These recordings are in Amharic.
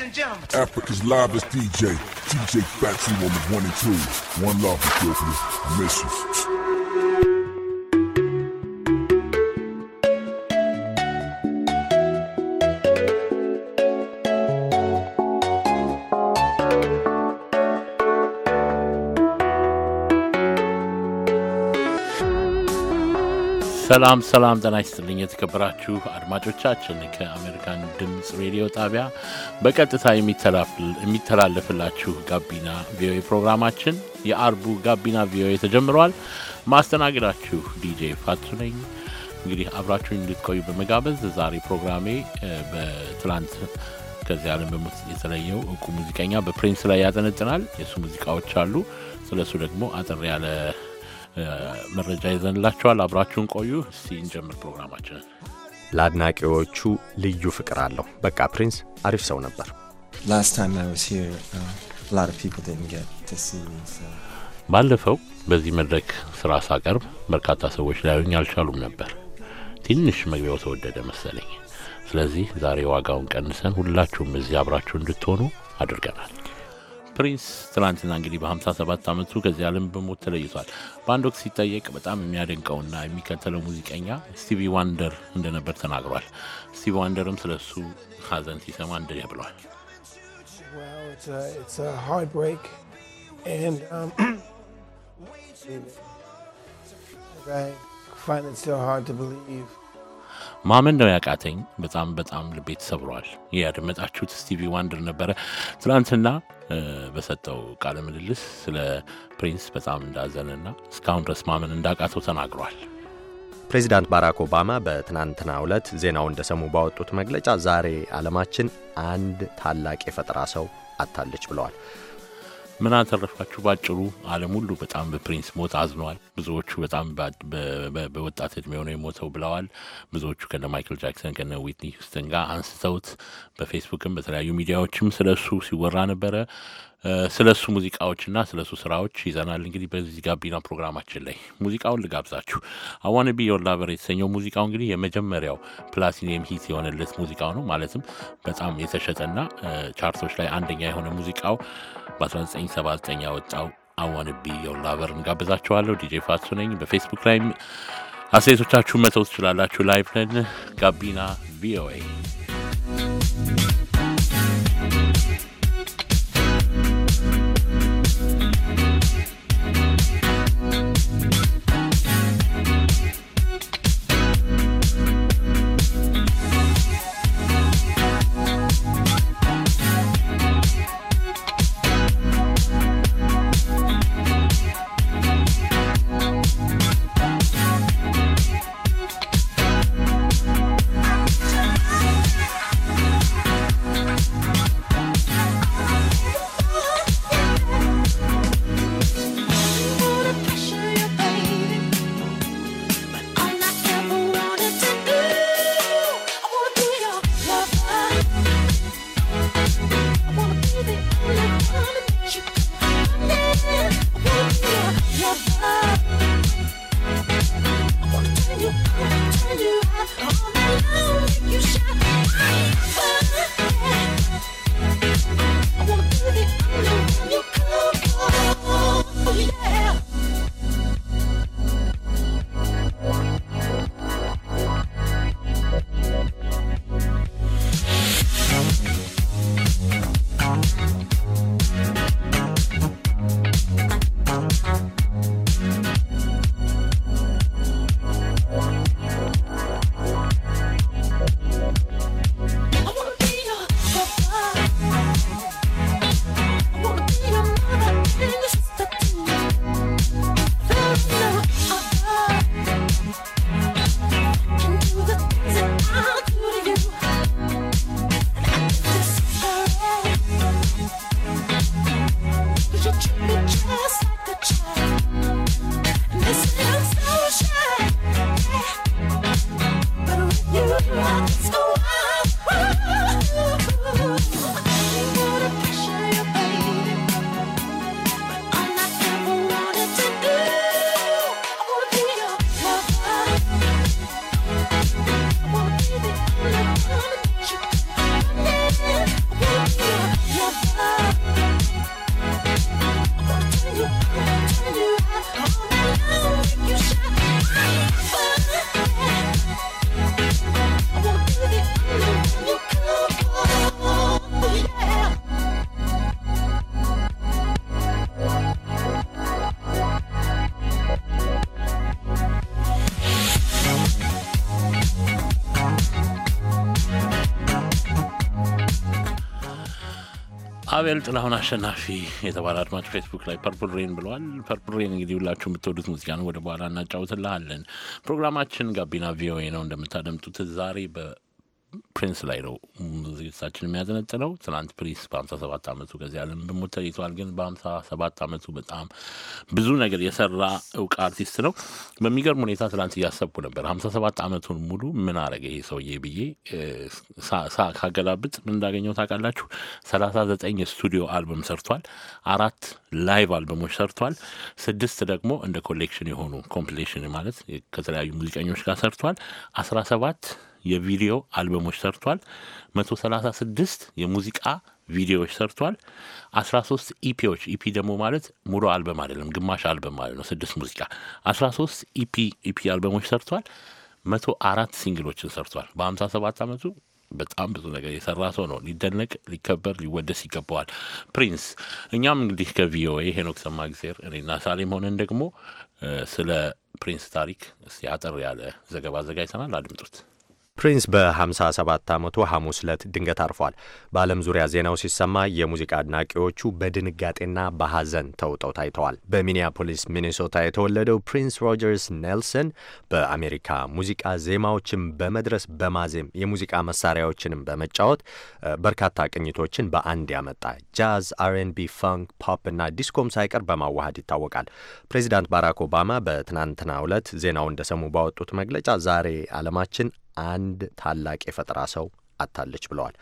and gentlemen. Africa's livest DJ, DJ Fatsy on the one and two. One love, Ethiopia. I miss you. ሰላም ሰላም፣ ጤና ይስጥልኝ የተከበራችሁ አድማጮቻችን ከአሜሪካን ድምፅ ሬዲዮ ጣቢያ በቀጥታ የሚተላለፍላችሁ ጋቢና ቪኦኤ ፕሮግራማችን የአርቡ ጋቢና ቪኦኤ ተጀምሯል። ማስተናግዳችሁ ዲጄ ፋቱ ነኝ። እንግዲህ አብራችሁ እንድትቆዩ በመጋበዝ ዛሬ ፕሮግራሜ በትላንት ከዚህ ዓለም በሞት የተለየው እውቁ ሙዚቀኛ በፕሪንስ ላይ ያጠነጥናል። የእሱ ሙዚቃዎች አሉ። ስለሱ ደግሞ አጠር ያለ መረጃ ይዘንላቸዋል። አብራችሁን ቆዩ። እስቲ እንጀምር ፕሮግራማችንን። ለአድናቂዎቹ ልዩ ፍቅር አለው። በቃ ፕሪንስ አሪፍ ሰው ነበር። uh, ባለፈው በዚህ መድረክ ስራ ሳቀርብ በርካታ ሰዎች ላዩኝ አልቻሉም ነበር። ትንሽ መግቢያው ተወደደ መሰለኝ። ስለዚህ ዛሬ ዋጋውን ቀንሰን ሁላችሁም እዚህ አብራችሁ እንድትሆኑ አድርገናል። ፕሪንስ ትናንትና እንግዲህ በ57 ዓመቱ ከዚህ ዓለም በሞት ተለይቷል። በአንድ ወቅት ሲጠየቅ በጣም የሚያደንቀውና የሚከተለው ሙዚቀኛ ስቲቪ ዋንደር እንደነበር ተናግሯል። ስቲቪ ዋንደርም ስለ እሱ ሀዘን ሲሰማ እንደ ብለዋል። um, I find it so hard to believe ማመን ነው ያቃተኝ። በጣም በጣም ልቤ ተሰብሯል። ያደመጣችሁት ስቲቪ ዋንደር ነበረ። ትናንትና በሰጠው ቃለ ምልልስ ስለ ፕሪንስ በጣም እንዳዘነና እስካሁን ድረስ ማመን እንዳቃተው ተናግሯል። ፕሬዚዳንት ባራክ ኦባማ በትናንትናው ዕለት ዜናው እንደሰሙ ባወጡት መግለጫ ዛሬ ዓለማችን አንድ ታላቅ የፈጠራ ሰው አታለች ብለዋል። ምን አተረፋችሁ? ባጭሩ ዓለም ሁሉ በጣም በፕሪንስ ሞት አዝኗል። ብዙዎቹ በጣም በወጣት እድሜ ሆነው የሞተው ብለዋል። ብዙዎቹ ከነ ማይክል ጃክሰን ከነ ዊትኒ ሂውስተን ጋር አንስተውት በፌስቡክም በተለያዩ ሚዲያዎችም ስለ እሱ ሲወራ ነበረ። ስለ እሱ ሙዚቃዎችና ስለ እሱ ስራዎች ይዘናል። እንግዲህ በዚህ ጋቢና ፕሮግራማችን ላይ ሙዚቃውን ልጋብዛችሁ። አዋን ቢ ዮር ላቨር የተሰኘው ሙዚቃው እንግዲህ የመጀመሪያው ፕላቲኒየም ሂት የሆነለት ሙዚቃው ነው። ማለትም በጣም የተሸጠና ቻርቶች ላይ አንደኛ የሆነ ሙዚቃው በ1979 ያወጣው አዋንቢ የውላቨርን ጋብዛችኋለሁ። ዲጄ ፋሱ ነኝ። በፌስቡክ ላይ አስተያየቶቻችሁ መተው ትችላላችሁ። ላይቭ ነን። ጋቢና ቪኦኤ አቤል ጥላሁን አሸናፊ የተባለ አድማጭ ፌስቡክ ላይ ፐርፕል ሬን ብለዋል። ፐርፕል ሬን እንግዲህ ሁላችሁ የምትወዱት ሙዚቃ ነው። ወደ በኋላ እናጫውትልሃለን። ፕሮግራማችን ጋቢና ቪኦኤ ነው እንደምታደምጡት ዛሬ ፕሪንስ ላይ ነው ዝግጅታችን የሚያዘነጥነው ትናንት ፕሪንስ በሀምሳ ሰባት ዓመቱ ከዚህ ዓለም በሞት ተለይቷል። ግን በሀምሳ ሰባት ዓመቱ በጣም ብዙ ነገር የሰራ እውቅ አርቲስት ነው። በሚገርም ሁኔታ ትናንት እያሰብኩ ነበር ሀምሳ ሰባት ዓመቱን ሙሉ ምን አረገ ይሄ ሰውዬ ብዬ ካገላብጥ ምን እንዳገኘው ታውቃላችሁ? ሰላሳ ዘጠኝ ስቱዲዮ አልበም ሰርቷል። አራት ላይቭ አልበሞች ሰርቷል። ስድስት ደግሞ እንደ ኮሌክሽን የሆኑ ኮምፕሌሽን ማለት ከተለያዩ ሙዚቀኞች ጋር ሰርቷል። አስራ ሰባት የቪዲዮ አልበሞች ሰርቷል። 136 የሙዚቃ ቪዲዮዎች ሰርቷል። 13 ኢፒዎች ኢፒ ደግሞ ማለት ሙሉ አልበም አይደለም፣ ግማሽ አልበም ማለት ነው። ስድስት ሙዚቃ 13 ኢፒ ኢፒ አልበሞች ሰርቷል። 104 ሲንግሎችን ሰርቷል። በ57 ዓመቱ በጣም ብዙ ነገር የሰራ ሰው ነው። ሊደነቅ ሊከበር ሊወደስ ይገባዋል ፕሪንስ። እኛም እንግዲህ ከቪኦኤ ሄኖክ ሰማ ጊዜር እኔና ሳሌም ሆነን ደግሞ ስለ ፕሪንስ ታሪክ እስቲ አጠር ያለ ዘገባ አዘጋጅተናል። አድምጡት። ፕሪንስ በ57 ዓመቱ ሐሙስ ዕለት ድንገት አርፏል። በዓለም ዙሪያ ዜናው ሲሰማ የሙዚቃ አድናቂዎቹ በድንጋጤና በሐዘን ተውጠው ታይተዋል። በሚኒያፖሊስ ሚኔሶታ የተወለደው ፕሪንስ ሮጀርስ ኔልሰን በአሜሪካ ሙዚቃ ዜማዎችን በመድረስ በማዜም የሙዚቃ መሳሪያዎችንም በመጫወት በርካታ ቅኝቶችን በአንድ ያመጣ ጃዝ፣ አርኤንቢ፣ ፋንክ፣ ፖፕ እና ዲስኮም ሳይቀር በማዋሃድ ይታወቃል። ፕሬዚዳንት ባራክ ኦባማ በትናንትናው ዕለት ዜናው እንደሰሙ ባወጡት መግለጫ ዛሬ ዓለማችን አንድ ታላቅ የፈጠራ ሰው አታለች ብለዋል።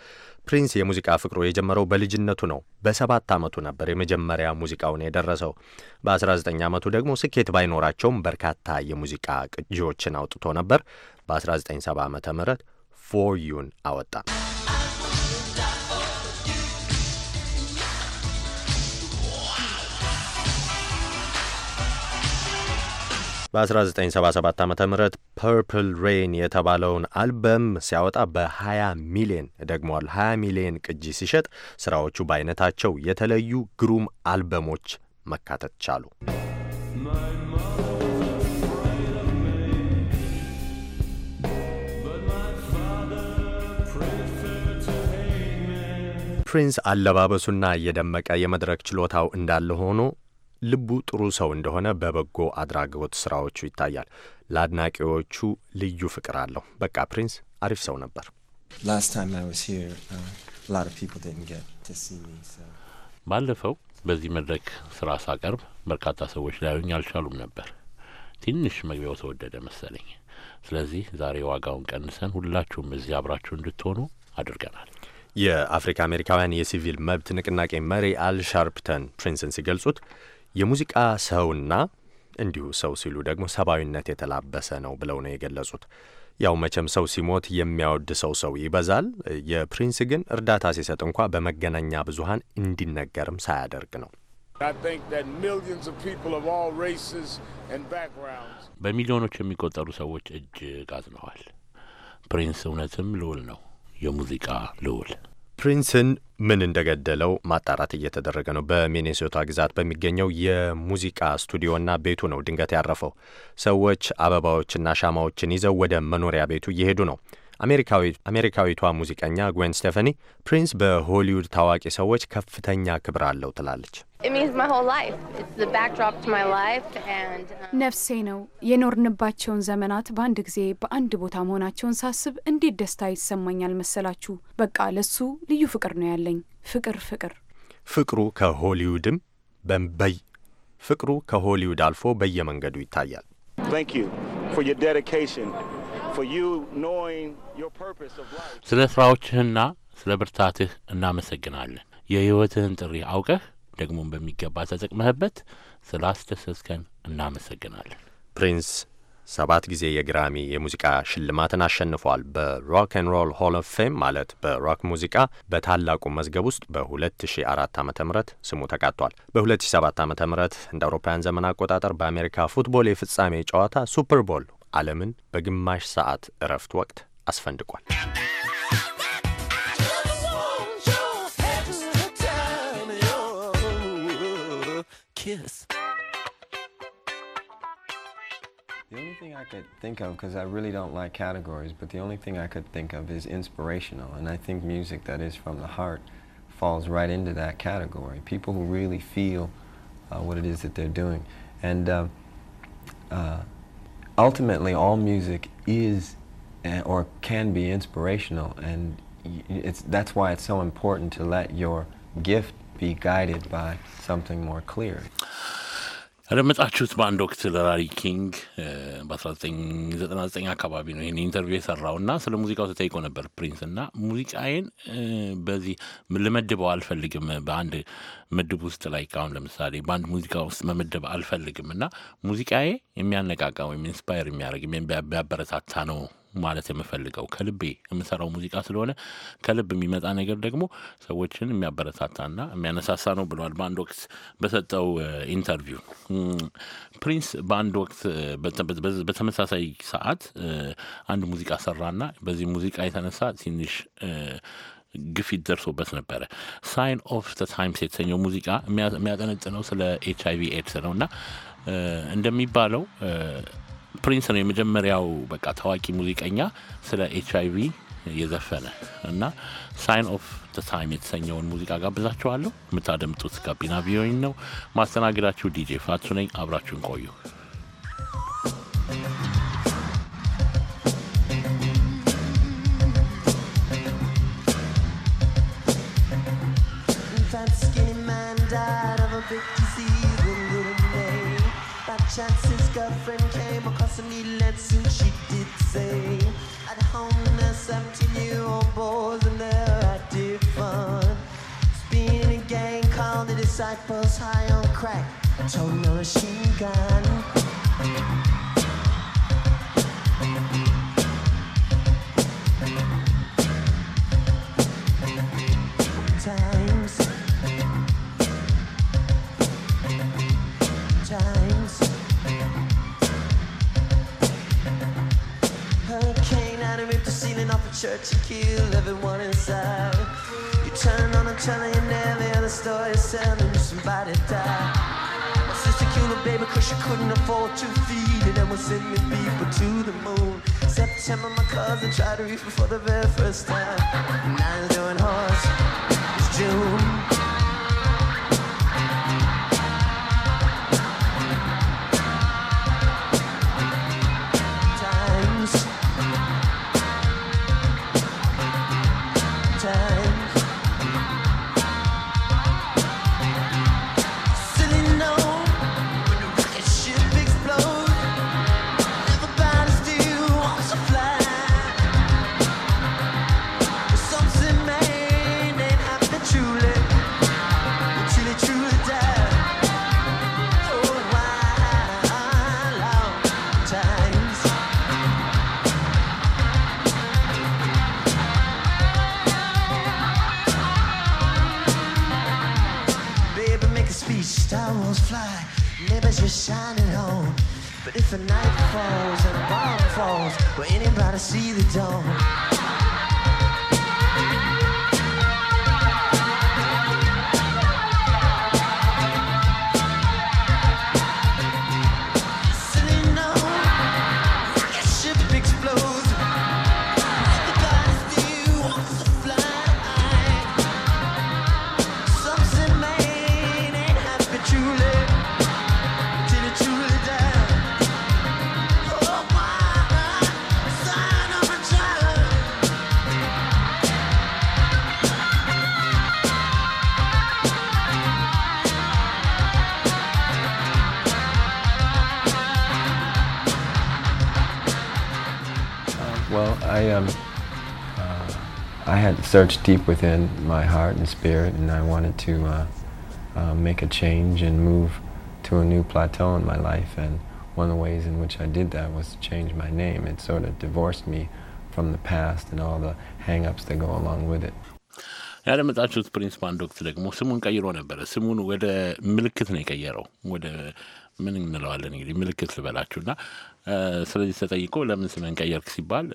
ፕሪንስ የሙዚቃ ፍቅሩ የጀመረው በልጅነቱ ነው። በሰባት ዓመቱ ነበር የመጀመሪያ ሙዚቃውን የደረሰው። በ19 ዓመቱ ደግሞ ስኬት ባይኖራቸውም በርካታ የሙዚቃ ቅጂዎችን አውጥቶ ነበር። በ1970 ዓ ም ፎር ዩን አወጣ። በ1977 ዓ ም ፐርፕል ሬን የተባለውን አልበም ሲያወጣ በ20 ሚሊዮን ደግሟል፣ 20 ሚሊዮን ቅጂ ሲሸጥ ስራዎቹ በአይነታቸው የተለዩ ግሩም አልበሞች መካተት ቻሉ። ፕሪንስ አለባበሱና የደመቀ የመድረክ ችሎታው እንዳለ ሆኖ ልቡ ጥሩ ሰው እንደሆነ በበጎ አድራጎት ስራዎቹ ይታያል። ለአድናቂዎቹ ልዩ ፍቅር አለው። በቃ ፕሪንስ አሪፍ ሰው ነበር። uh, ባለፈው በዚህ መድረክ ስራ ሳቀርብ በርካታ ሰዎች ሊያዩኝ አልቻሉም ነበር። ትንሽ መግቢያው ተወደደ መሰለኝ። ስለዚህ ዛሬ ዋጋውን ቀንሰን ሁላችሁም እዚህ አብራችሁ እንድትሆኑ አድርገናል። የአፍሪካ አሜሪካውያን የሲቪል መብት ንቅናቄ መሪ አል ሻርፕተን ፕሪንስን ሲገልጹት የሙዚቃ ሰውና እንዲሁ ሰው ሲሉ ደግሞ ሰብአዊነት የተላበሰ ነው ብለው ነው የገለጹት። ያው መቼም ሰው ሲሞት የሚያወድ ሰው ሰው ይበዛል። የፕሪንስ ግን እርዳታ ሲሰጥ እንኳ በመገናኛ ብዙኃን እንዲነገርም ሳያደርግ ነው። በሚሊዮኖች የሚቆጠሩ ሰዎች እጅግ አዝነዋል። ፕሪንስ እውነትም ልዑል ነው፣ የሙዚቃ ልዑል ፕሪንስን ምን እንደገደለው ማጣራት እየተደረገ ነው። በሚኔሶታ ግዛት በሚገኘው የሙዚቃ ስቱዲዮና ቤቱ ነው ድንገት ያረፈው። ሰዎች አበባዎችና ሻማዎችን ይዘው ወደ መኖሪያ ቤቱ እየሄዱ ነው። አሜሪካዊቷ ሙዚቀኛ ጉዌን ስቴፈኒ ፕሪንስ በሆሊውድ ታዋቂ ሰዎች ከፍተኛ ክብር አለው ትላለች። Uh, ነፍሴ ነው። የኖርንባቸውን ዘመናት በአንድ ጊዜ በአንድ ቦታ መሆናቸውን ሳስብ እንዴት ደስታ ይሰማኛል መሰላችሁ። በቃ ለሱ ልዩ ፍቅር ነው ያለኝ። ፍቅር ፍቅር ፍቅሩ ከሆሊውድም በንበይ ፍቅሩ ከሆሊውድ አልፎ በየመንገዱ ይታያል። ስለ ስራዎችህና ስለ ብርታትህ እናመሰግናለን። የህይወትህን ጥሪ አውቀህ ደግሞም በሚገባ ተጠቅመህበት ስለ አስደሰስከን እናመሰግናለን። ፕሪንስ ሰባት ጊዜ የግራሚ የሙዚቃ ሽልማትን አሸንፏል። በሮክ ኤን ሮል ሆል ኦፍ ፌም ማለት በሮክ ሙዚቃ በታላቁ መዝገብ ውስጥ በ2004 ዓ ም ስሙ ተካቷል። በ2007 ዓ ም እንደ አውሮፓውያን ዘመን አቆጣጠር በአሜሪካ ፉትቦል የፍጻሜ ጨዋታ ሱፐር ቦል ዓለምን በግማሽ ሰዓት እረፍት ወቅት አስፈንድቋል። kiss. The only thing I could think of, because I really don't like categories, but the only thing I could think of is inspirational. And I think music that is from the heart falls right into that category. People who really feel uh, what it is that they're doing. And uh, uh, ultimately, all music is eh, or can be inspirational. And it's, that's why it's so important to let your gift be guided by something more clear. ያደመጣችሁት በአንድ ወቅት ለላሪ ኪንግ በ1999 አካባቢ ነው ይህን ኢንተርቪው የሰራው እና ስለ ሙዚቃው ተጠይቆ ነበር ፕሪንስ እና ሙዚቃዬን በዚህ ልመድበው አልፈልግም፣ በአንድ ምድብ ውስጥ ላይ አሁን ለምሳሌ በአንድ ሙዚቃ ውስጥ መመደብ አልፈልግም እና ሙዚቃዬ የሚያነቃቃ ወይም ኢንስፓየር የሚያደርግ የሚያበረታታ ነው ማለት የምፈልገው ከልቤ የምሰራው ሙዚቃ ስለሆነ ከልብ የሚመጣ ነገር ደግሞ ሰዎችን የሚያበረታታና የሚያነሳሳ ነው ብለዋል በአንድ ወቅት በሰጠው ኢንተርቪው። ፕሪንስ በአንድ ወቅት በተመሳሳይ ሰዓት አንድ ሙዚቃ ሰራና በዚህ ሙዚቃ የተነሳ ትንሽ ግፊት ደርሶበት ነበረ። ሳይን ኦፍ ተ ታይምስ የተሰኘው ሙዚቃ የሚያጠነጥነው ስለ ኤች አይቪ ኤድስ ነው እና እንደሚባለው ፕሪንስ ነው የመጀመሪያው በቃ ታዋቂ ሙዚቀኛ ስለ ኤች አይ ቪ የዘፈነ እና ሳይን ኦፍ ዘ ታይም የተሰኘውን ሙዚቃ ጋብዛችኋለሁ። የምታደምጡት ጋቢና ቪኦኤ ነው። ማስተናገዳችሁ ዲጄ ፋቱ ነኝ። አብራችሁን ቆዩ። track, a total machine gun. I the ceiling off a church and kill everyone inside turn on the telly and every other story selling somebody died. My sister killed a baby cause she couldn't afford to feed it and was sending people to the moon. September, my cousin tried to reach me for the very first time. Now doing horse. It's June. If a night falls and a bomb falls, will anybody see the dawn? I, um, uh, I had searched deep within my heart and spirit, and I wanted to uh, uh, make a change and move to a new plateau in my life. And one of the ways in which I did that was to change my name. It sort of divorced me from the past and all the hang-ups that go along with it. ያደመጣችሁት ፕሪንስ በአንድ ወቅት ደግሞ ስሙን ቀይሮ ነበረ። ስሙን ወደ ምልክት ነው የቀየረው። ወደ ምን እንለዋለን እንግዲህ ምልክት ስለዚህ ተጠይቆ ለምን ስምህን ቀየርክ ሲባል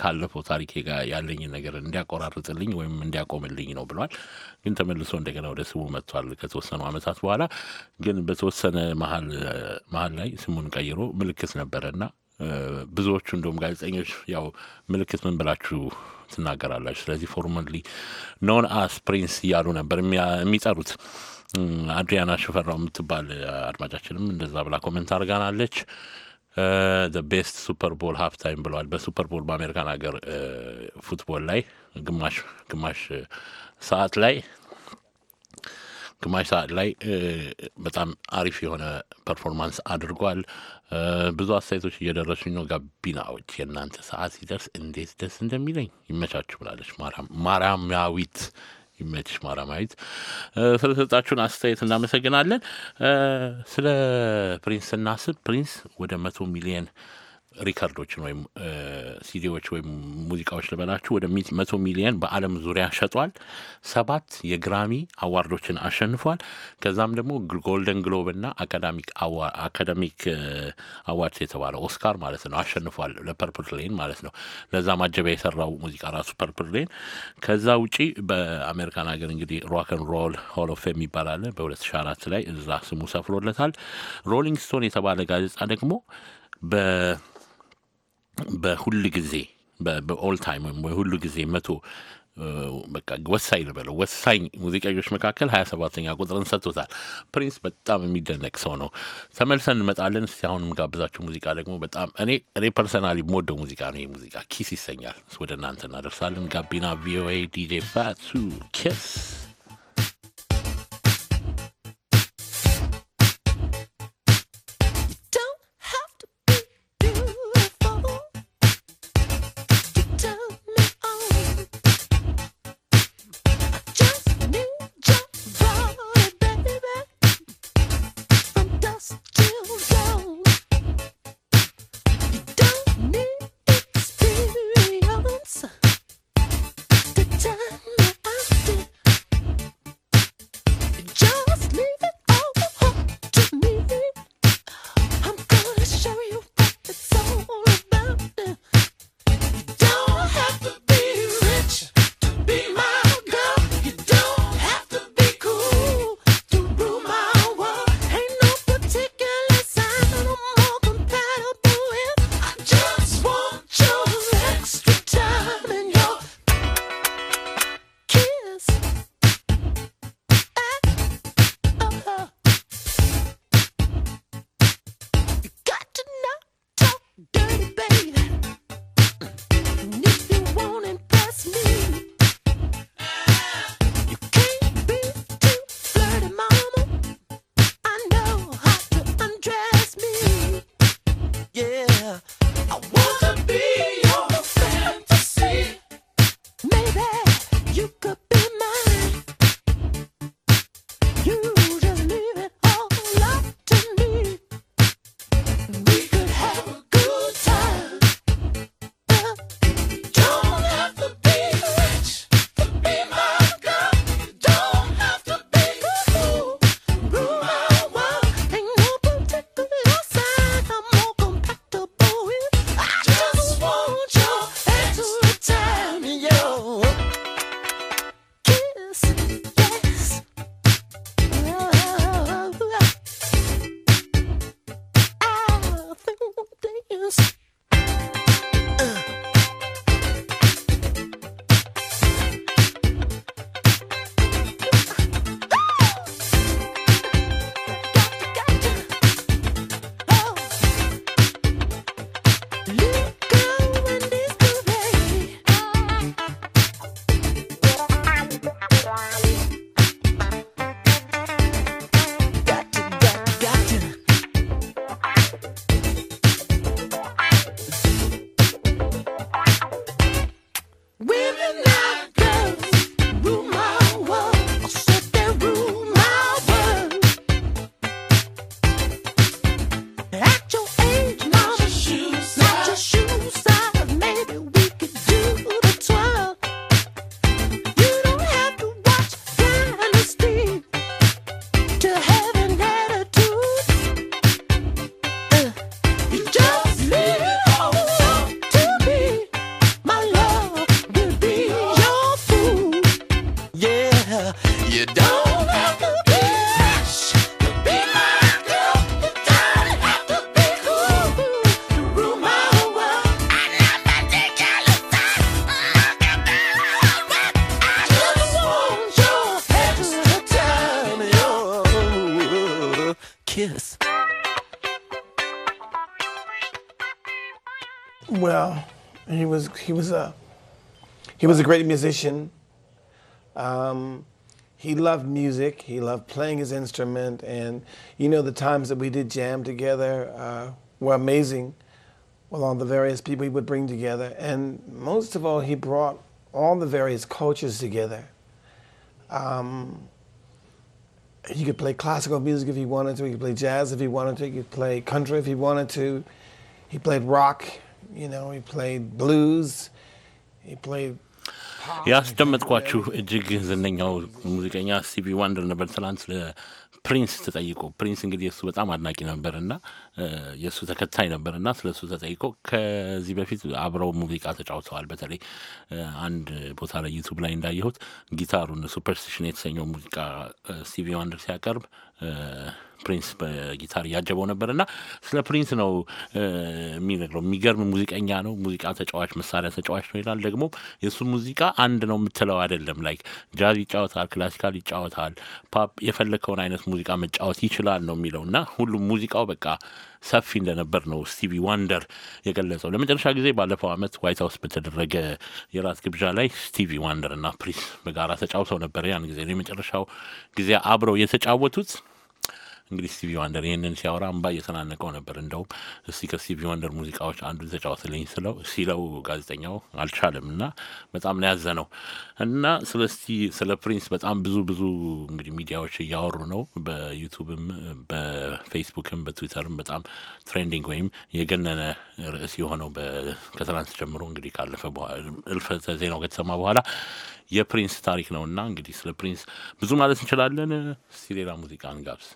ካለፈው ታሪኬ ጋር ያለኝን ነገር እንዲያቆራርጥልኝ ወይም እንዲያቆምልኝ ነው ብሏል። ግን ተመልሶ እንደገና ወደ ስሙ መጥቷል ከተወሰኑ ዓመታት በኋላ ግን በተወሰነ መሀል ላይ ስሙን ቀይሮ ምልክት ነበረና ብዙዎቹ እንደውም ጋዜጠኞች ያው ምልክት ምን ብላችሁ ትናገራላችሁ? ስለዚህ ፎርማሊ ኖን አስ ፕሪንስ እያሉ ነበር የሚጠሩት። አድሪያና ሽፈራው የምትባል አድማጫችንም እንደዛ ብላ ኮመንት አድርጋናለች። ቤስት ሱፐር ቦል ታይም ብለዋል። በሱፐር ቦል በአሜሪካን ሀገር ፉትቦል ላይ ግማሽ ግማሽ ሰዓት ላይ ግማሽ ሰዓት ላይ በጣም አሪፍ የሆነ ፐርፎርማንስ አድርጓል። ብዙ አስተያየቶች እየደረሱኝ ነው። ጋቢናዎች የእናንተ ሰዓት ሲደርስ እንዴት ደስ እንደሚለኝ ይመቻችሁ ብላለች ማርያማዊት ይመችሽ ማራማዊት። ስለሰጣችሁን አስተያየት እናመሰግናለን። ስለ ፕሪንስ ስናስብ ፕሪንስ ወደ መቶ ሚሊየን ሪከርዶችን ወይም ሲዲዎች ወይም ሙዚቃዎች ልበላችሁ ወደ መቶ ሚሊየን በዓለም ዙሪያ ሸጧል። ሰባት የግራሚ አዋርዶችን አሸንፏል። ከዛም ደግሞ ጎልደን ግሎብ እና አካዳሚክ አዋርድ የተባለ ኦስካር ማለት ነው አሸንፏል። ለፐርፕል ሌን ማለት ነው። ለዛ ማጀቢያ የሰራው ሙዚቃ ራሱ ፐርፕል ሌን። ከዛ ውጪ በአሜሪካን ሀገር እንግዲህ ሮክን ሮል ሆል ኦፍ ፌም ይባላል። በ2004 ላይ እዛ ስሙ ሰፍሮለታል። ሮሊንግ ስቶን የተባለ ጋዜጣ ደግሞ በ በሁል ጊዜ በኦል ታይም ወይም ሁሉ ጊዜ መቶ በቃ ወሳኝ ልበለው ወሳኝ ሙዚቀኞች መካከል ሀያ ሰባተኛ ቁጥርን ሰጥቶታል። ፕሪንስ በጣም የሚደነቅ ሰው ነው። ተመልሰን እንመጣለን። እስቲ አሁን የምጋብዛቸው ሙዚቃ ደግሞ በጣም እኔ እኔ ፐርሰናሊ የምወደው ሙዚቃ ነው። ይህ ሙዚቃ ኪስ ይሰኛል። ወደ እናንተ እናደርሳለን። ጋቢና ቪኦኤ ዲጄ ፋቱ ኪስ he was a he was a great musician. Um, he loved music. He loved playing his instrument, and you know the times that we did jam together uh, were amazing. With all the various people he would bring together, and most of all, he brought all the various cultures together. Um, could play classical music if he wanted to. He could play jazz if he wanted to. He could play country if he wanted to. He played rock. you know, he played blues, he played ያስደመጥኳችሁ እጅግ ዝነኛው ሙዚቀኛ ስቲቪ ዋንደር ነበር። ትናንት ፕሪንስ ተጠይቆ ፕሪንስ እንግዲህ የእሱ በጣም አድናቂ ነበርና የእሱ ተከታይ ነበርና ስለ እሱ ተጠይቆ ከዚህ በፊት አብረው ሙዚቃ ተጫውተዋል። በተለይ አንድ ቦታ ላይ ዩቱብ ላይ እንዳየሁት ጊታሩን ሱፐርስቲሽን የተሰኘው ሙዚቃ ስቲቪ ዋንደር ሲያቀርብ ፕሪንስ በጊታር እያጀበው ነበር እና ስለ ፕሪንስ ነው የሚነግረው። የሚገርም ሙዚቀኛ ነው፣ ሙዚቃ ተጫዋች፣ መሳሪያ ተጫዋች ነው ይላል። ደግሞ የእሱ ሙዚቃ አንድ ነው የምትለው አይደለም። ላይክ ጃዝ ይጫወታል፣ ክላሲካል ይጫወታል፣ ፓፕ፣ የፈለግከውን አይነት ሙዚቃ መጫወት ይችላል ነው የሚለው እና ሁሉም ሙዚቃው በቃ ሰፊ እንደነበር ነው ስቲቪ ዋንደር የገለጸው። ለመጨረሻ ጊዜ ባለፈው ዓመት ዋይት ሀውስ በተደረገ የራት ግብዣ ላይ ስቲቪ ዋንደር እና ፕሪንስ በጋራ ተጫውተው ነበር። ያን ጊዜ ነው የመጨረሻው ጊዜ አብረው የተጫወቱት። እንግዲህ ስቲቪ ዋንደር ይህንን ሲያወራ እምባ እየተናነቀው ነበር። እንደውም እስቲ ከስቲቪ ዋንደር ሙዚቃዎች አንዱን ተጫወትልኝ ስለው ሲለው ጋዜጠኛው አልቻለም እና በጣም ነው እና ስለ ስቲ ስለ ፕሪንስ በጣም ብዙ ብዙ እንግዲህ ሚዲያዎች እያወሩ ነው። በዩቱብም በፌስቡክም በትዊተርም በጣም ትሬንዲንግ ወይም የገነነ ርዕስ የሆነው ከትናንት ጀምሮ እንግዲህ ካለፈ እልፈተ ዜናው ከተሰማ በኋላ የፕሪንስ ታሪክ ነው እና እንግዲህ ስለ ፕሪንስ ብዙ ማለት እንችላለን። እስቲ ሌላ ሙዚቃ እንጋብዝ።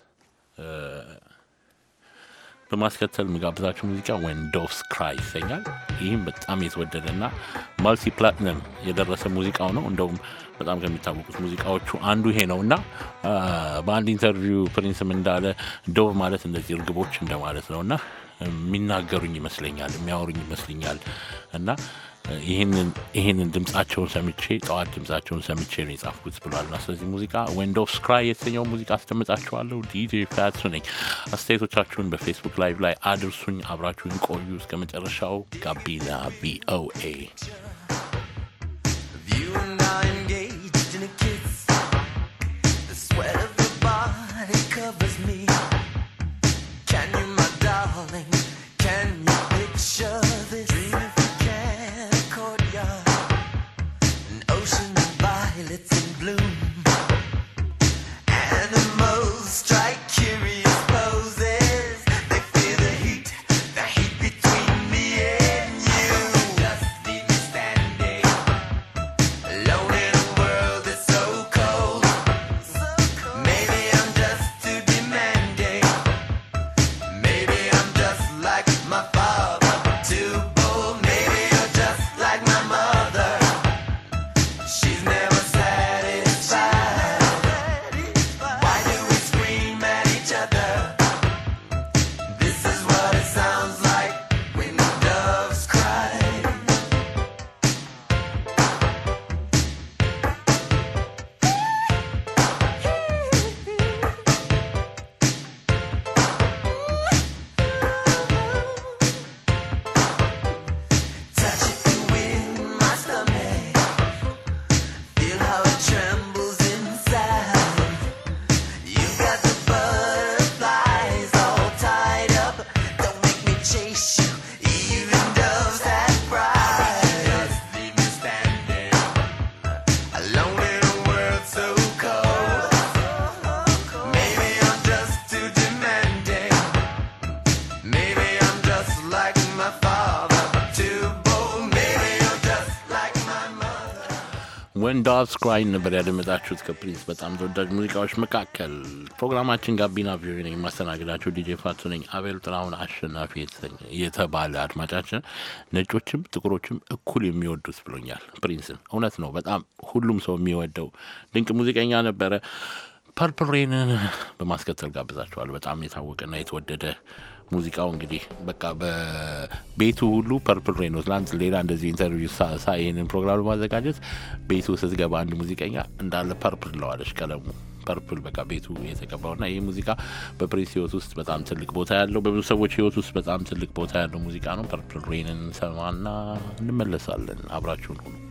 በማስከተል ምጋብዛችሁ ሙዚቃ ዌን ዶቭስ ክራይ ይሰኛል። ይህም በጣም የተወደደ እና ማልቲ ፕላትነም የደረሰ ሙዚቃው ነው። እንደውም በጣም ከሚታወቁት ሙዚቃዎቹ አንዱ ይሄ ነው እና በአንድ ኢንተርቪው ፕሪንስም እንዳለ ዶቭ ማለት እንደዚህ እርግቦች እንደማለት ነው እና የሚናገሩኝ ይመስለኛል የሚያወሩኝ ይመስለኛል እና ይህንን ድምጻቸውን ሰምቼ ጠዋት ድምጻቸውን ሰምቼ ነው የጻፍኩት ብሏል። እና ስለዚህ ሙዚቃ ዊንድ ኦፍ ስክራይ የተሰኘው ሙዚቃ አስደምጣችኋለሁ። ዲጄ ፋትሱ ነኝ። አስተያየቶቻችሁን በፌስቡክ ላይቭ ላይ አድርሱኝ። አብራችሁን ቆዩ እስከ መጨረሻው። ጋቢና ቪኦኤ ወንዳት ስክራይ ነበር ያደመጣችሁት ከፕሪንስ በጣም ተወዳጅ ሙዚቃዎች መካከል። ፕሮግራማችን ጋቢና ቪኦኤ ነኝ። የማስተናግዳቸው ዲጄ ፋቱ ነኝ። አቤል ጥላሁን አሸናፊ የተባለ አድማጫችን ነጮችም ጥቁሮችም እኩል የሚወዱት ብሎኛል ፕሪንስን። እውነት ነው፣ በጣም ሁሉም ሰው የሚወደው ድንቅ ሙዚቀኛ ነበረ። ፐርፕል ሬንን በማስከተል ጋብዛቸዋል በጣም የታወቀና የተወደደ ሙዚቃው እንግዲህ በቃ በቤቱ ሁሉ ፐርፕል ሬን ነው። ትናንት ሌላ እንደዚህ ኢንተርቪው ሳ ይህንን ፕሮግራም ለማዘጋጀት ቤቱ ስትገባ አንድ ሙዚቀኛ እንዳለ ፐርፕል ለዋለች ቀለሙ ፐርፕል በቃ ቤቱ የተቀባውና ይህ ሙዚቃ በፕሪንስ ህይወት ውስጥ በጣም ትልቅ ቦታ ያለው በብዙ ሰዎች ህይወት ውስጥ በጣም ትልቅ ቦታ ያለው ሙዚቃ ነው። ፐርፕል ሬንን እንሰማና እንመለሳለን። አብራችሁን ሁኑ።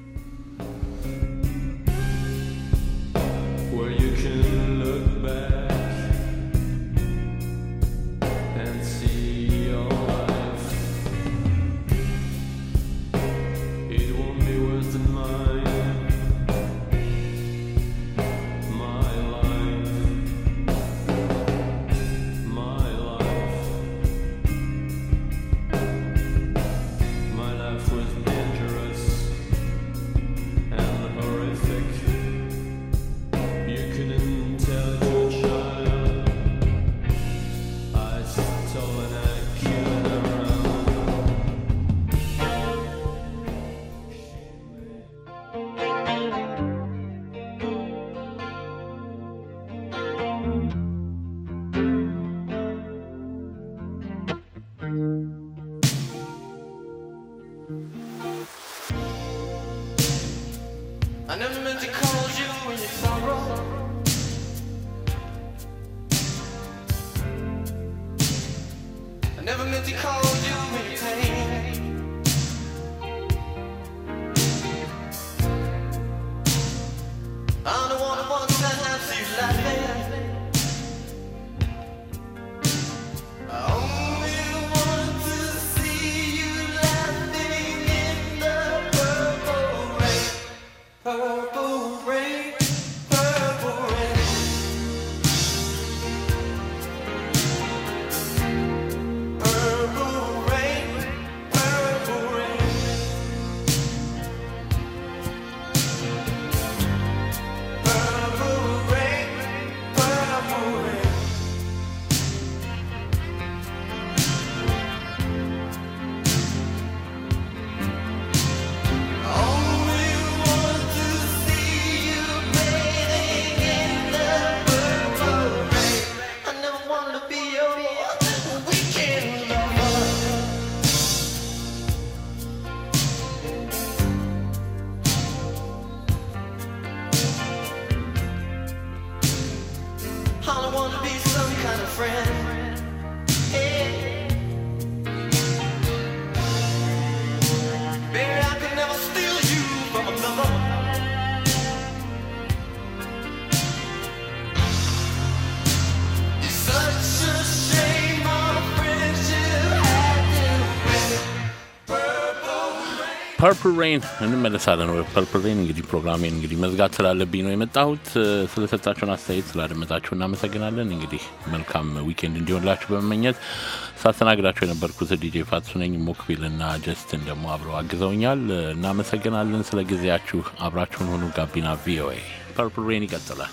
I never meant to call you when you sorrow. I never meant to call you. ፐርፕል ሬን እንመለሳለን። ወደ ፐርፕል ሬን እንግዲህ ፕሮግራሜን እንግዲህ መዝጋት ስላለብኝ ነው የመጣሁት። ስለሰጣችሁን አስተያየት ስላደመጣችሁ እናመሰግናለን። እንግዲህ መልካም ዊኬንድ እንዲሆንላችሁ በመመኘት ሳስተናግዳቸው የነበርኩት ዲጄ ፋትሱ ነኝ። ሞክቢል እና ጀስትን ደግሞ አብረው አግዘውኛል። እናመሰግናለን ስለ ጊዜያችሁ። አብራችሁን ሆኑ። ጋቢና ቪኦኤ ፐርፕል ሬን ይቀጥላል።